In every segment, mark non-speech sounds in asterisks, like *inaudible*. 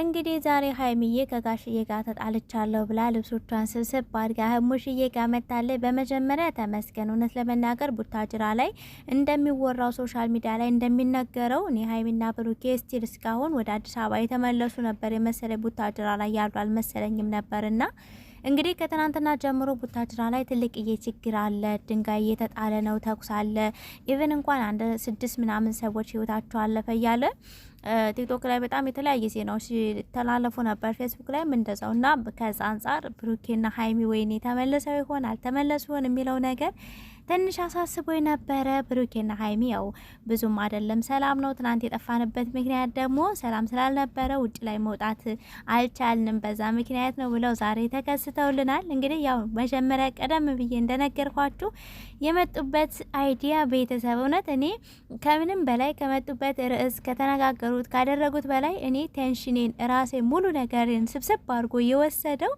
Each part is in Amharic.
እንግዲህ ዛሬ ሀይሚዬ ከጋሽዬ ጋር ተጣልቻለሁ ብላ ልብሶቿን ስብስብ አድጋ ሙሽዬ ጋር መታለ። በመጀመሪያ ተመስገን። እውነት ለመናገር ቡታጅራ ላይ እንደሚወራው ሶሻል ሚዲያ ላይ እንደሚነገረው እኔ ሀይሚና ብሩኬ ስቲል እስካሁን ወደ አዲስ አበባ የተመለሱ ነበር የመሰለ ቡታጅራ ላይ ያሉ አልመሰለኝም ነበርና እንግዲህ ከትናንትና ጀምሮ ቡታጅራ ላይ ትልቅዬ ችግር አለ። ድንጋይ እየተጣለ ነው። ተኩስ አለ። ኢቨን እንኳን አንድ ስድስት ምናምን ሰዎች ህይወታቸው አለፈ እያለ ቲክቶክ ላይ በጣም የተለያየ ዜናዎች ተላለፉ ነበር። ፌስቡክ ላይም እንደዛው እና ከዛ አንጻር ብሩኬና ሀይሚ ወይኔ ተመለሰው ይሆን አልተመለሱ ይሆን የሚለው ነገር ትንሽ አሳስቦ የነበረ ብሩኬና ሀይሚ ያው ብዙም አይደለም ሰላም ነው። ትናንት የጠፋንበት ምክንያት ደግሞ ሰላም ስላልነበረ ውጭ ላይ መውጣት አልቻልንም፣ በዛ ምክንያት ነው ብለው ዛሬ ተከስተውልናል። እንግዲህ ያው መጀመሪያ ቀደም ብዬ እንደነገርኳችሁ የመጡበት አይዲያ ቤተሰብ እውነት እኔ ከምንም በላይ ከመጡበት ርዕስ ከተነጋገሩት ካደረጉት በላይ እኔ ቴንሽኔን ራሴ ሙሉ ነገርን ስብስብ አድርጎ የወሰደው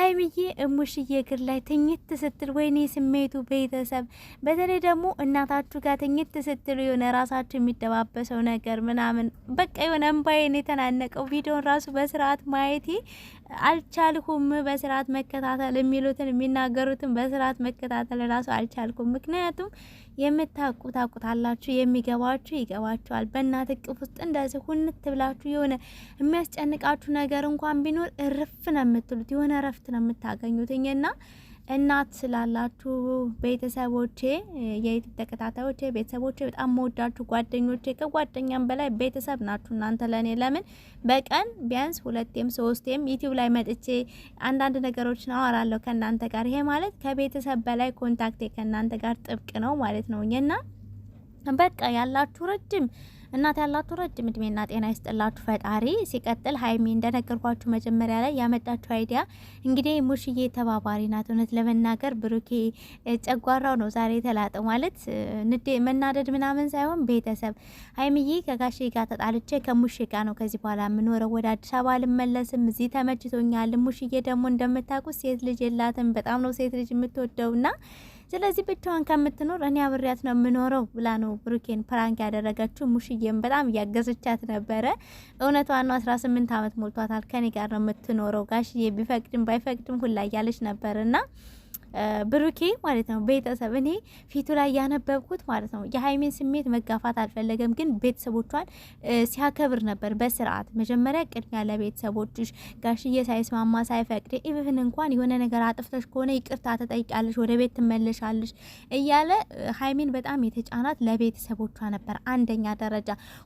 ሀይምዬ እሙሽዬ እግር ላይ ትኝት ስትል ወይኔ ስሜቱ ቤተሰብ በተለይ ደግሞ እናታችሁ ጋር ትኝት ስትሉ የሆነ ራሳችሁ የሚደባበሰው ነገር ምናምን በቃ የሆነ እምባዬን የተናነቀው ቪዲዮን ራሱ በስርዓት ማየቴ አልቻልኩም። በስርዓት መከታተል የሚሉትን የሚናገሩትን በስርዓት መከታተል ራሱ አልቻልኩም። ምክንያቱም የምታውቁ ታውቁታላችሁ፣ የሚገባችሁ ይገባችኋል። በእናት እቅፍ ውስጥ እንደዚህ ሁንት ብላችሁ የሆነ የሚያስጨንቃችሁ ነገር እንኳን ቢኖር እርፍ ነው የምትሉት፣ የሆነ እረፍት ነው የምታገኙትኝና እናት ስላላችሁ ቤተሰቦቼ፣ የዩቱብ ተከታታዮቼ፣ ቤተሰቦቼ በጣም መወዳችሁ ጓደኞቼ፣ ከጓደኛም በላይ ቤተሰብ ናችሁ እናንተ ለእኔ። ለምን በቀን ቢያንስ ሁለቴም ሶስቴም ዩቱብ ላይ መጥቼ አንዳንድ ነገሮችን አወራለሁ ከእናንተ ጋር። ይሄ ማለት ከቤተሰብ በላይ ኮንታክቴ ከእናንተ ጋር ጥብቅ ነው ማለት ነው እና በቃ ያላችሁ ረጅም እናት ያላችሁ ረጅም እድሜና ጤና ይስጥላችሁ ፈጣሪ። ሲቀጥል ሀይሚ እንደነገርኳችሁ መጀመሪያ ላይ ያመጣችሁ አይዲያ እንግዲህ ሙሽዬ ተባባሪ ናት። እውነት ለመናገር ብሩኬ ጨጓራው ነው ዛሬ የተላጠው ማለት መናደድ ምናምን ሳይሆን ቤተሰብ ሀይሚዬ ከጋሼ ጋር ተጣልቼ ከሙሽ ጋር ነው ከዚህ በኋላ የምኖረው፣ ወደ አዲስ አበባ አልመለስም፣ እዚህ ተመችቶኛል። ሙሽዬ ደግሞ እንደምታውቁት ሴት ልጅ የላትም። በጣም ነው ሴት ልጅ የምትወደውና ስለዚህ ብቻዋን ከምትኖር እኔ አብሬያት ነው የምኖረው ብላ ነው ብሩኬን ፕራንክ ያደረገችው። ሙሽዬም በጣም እያገዘቻት ነበረ። ነው። አስራ ስምንት አመት ሞልቷታል። ከኔ ጋር ነው የምትኖረው ጋሽዬ ቢፈቅድም ባይፈቅድም ሁላ እያለች ነበርና ብሩኬ ማለት ነው ቤተሰብ እኔ ፊቱ ላይ ያነበብኩት ማለት ነው የሀይሜን ስሜት መጋፋት አልፈለገም፣ ግን ቤተሰቦቿን ሲያከብር ነበር በስርዓት መጀመሪያ ቅድሚያ ለቤተሰቦችሽ ጋሽዬ ሳይስማማ ሳይፈቅድ ኢብህን እንኳን የሆነ ነገር አጥፍተሽ ከሆነ ይቅርታ ተጠይቃለሽ፣ ወደ ቤት ትመለሻለሽ እያለ ሀይሜን በጣም የተጫናት ለቤተሰቦቿ ነበር። አንደኛ ደረጃ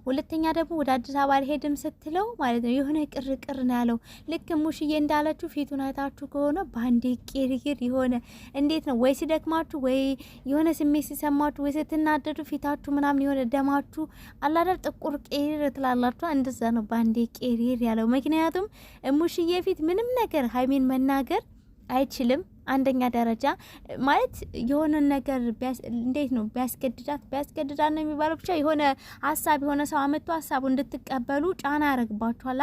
ሁለተኛ ደግሞ ወደ አዲስ አበባ አልሄድም ስትለው ማለት ነው የሆነ ቅርቅር ነው ያለው። ልክ ሙሽዬ እንዳለችው ፊቱን አይታችሁ ከሆነ በአንዴ ቂርጊር የሆነ እንዴት ነው ወይ ሲደክማችሁ፣ ወይ የሆነ ስሜት ሲሰማችሁ፣ ወይ ስትናደዱ ፊታችሁ ምናምን የሆነ ደማችሁ አላደር ጥቁር ቄሪር ትላላችሁ። እንደዛ ነው ባንዴ ቄሪር ያለው። ምክንያቱም እሙሽዬ ፊት ምንም ነገር ሀይሜን መናገር አይችልም። አንደኛ ደረጃ ማለት የሆነ ነገር እንዴት ነው ቢያስገድዳት ቢያስገድዳት ነው የሚባለው። ብቻ የሆነ ሀሳብ የሆነ ሰው አመጥቶ ሀሳቡ እንድትቀበሉ ጫና ያደርግባችኋላ።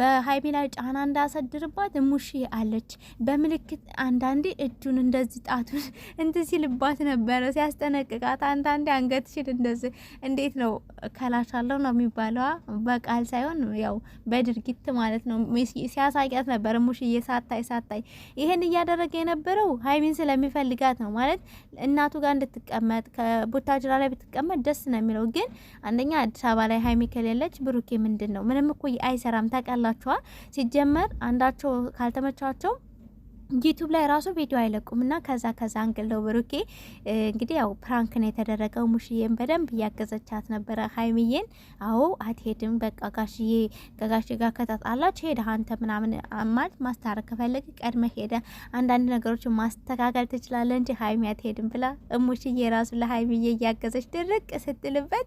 በሀይሚ ላይ ጫና እንዳሰድርባት ሙሽ አለች። በምልክት አንዳንዴ እጁን እንደዚህ ጣቱን *laughs* እንት ሲልባት ነበረ ሲያስጠነቅቃት፣ አንዳንዴ አንገት ሲል እንደዚህ እንዴት ነው ከላሻለሁ ነው የሚባለዋ። በቃል ሳይሆን ያው በድርጊት ማለት ነው ሲያሳያት ነበር። ሙሽ እየሳታይ ሳታይ ይሄን እያደረገ የነበረው ሀይሚን ስለሚፈልጋት ነው ማለት እናቱ ጋር እንድትቀመጥ ከቡታጅራ ላይ ብትቀመጥ ደስ ነው የሚለው። ግን አንደኛ አዲስ አበባ ላይ ሀይሚ ከሌለች ብሩኬ ምንድን ነው? ምንም እኮ አይሰራም። ታውቃላችኋ። ሲጀመር አንዳቸው ካልተመቻቸው ዩቱብ ላይ ራሱ ቪዲዮ አይለቁም እና ከዛ ከዛ አንግል ብሩኬ እንግዲህ ያው ፕራንክ ነው የተደረገው። ሙሽዬን በደንብ እያገዘቻት ነበረ ሀይሚዬን። አዎ አትሄድም በቃ ጋሽዬ ከጋሽ ጋር ከተጣላች ሄደ አንተ ምናምን ማለት ማስታረቅ ከፈለግ ቀድመ ሄደ አንዳንድ ነገሮችን ማስተካከል ትችላለ እንጂ ሀይሚ አትሄድም ብላ ሙሽዬ ራሱ ለሀይሚዬ እያገዘች ድርቅ ስትልበት፣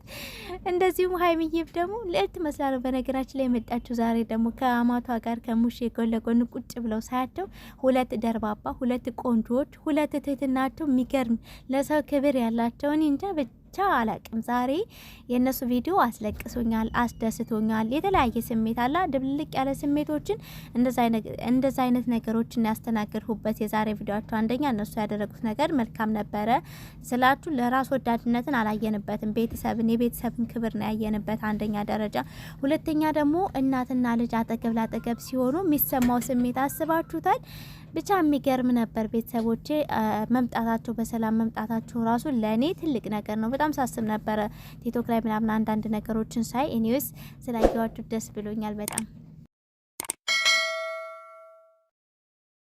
እንደዚሁም ሀይሚዬ ደግሞ ልዕልት መስላለሁ። በነገራችን ላይ የመጣችው። ዛሬ ደግሞ ከአማቷ ጋር ከሙሽ ጎን ለጎን ቁጭ ብለው ሳያቸው ሁለት ሁለት ደርባባ፣ ሁለት ቆንጆዎች፣ ሁለት ትህትናቸው የሚገርም ለሰው ክብር ያላቸው እኔ እንጃ ብቻ አላቅም። ዛሬ የእነሱ ቪዲዮ አስለቅሶኛል፣ አስደስቶኛል። የተለያየ ስሜት አላ ድብልቅ ያለ ስሜቶችን እንደዛ አይነት ነገሮችን ያስተናገድሁበት የዛሬ ቪዲዮቸው አንደኛ እነሱ ያደረጉት ነገር መልካም ነበረ ስላችሁ ለራስ ወዳድነትን አላየንበትም። ቤተሰብን የቤተሰብን ክብር ነው ያየንበት አንደኛ ደረጃ። ሁለተኛ ደግሞ እናትና ልጅ አጠገብ ላጠገብ ሲሆኑ የሚሰማው ስሜት አስባችሁታል። ብቻ የሚገርም ነበር። ቤተሰቦቼ መምጣታቸው በሰላም መምጣታቸው ራሱ ለእኔ ትልቅ ነገር ነው። በጣም ሳስብ ነበረ ቲክቶክ ላይ ምናምን አንዳንድ ነገሮችን ሳይ። ኒውስ ስላየዋችሁ ደስ ብሎኛል በጣም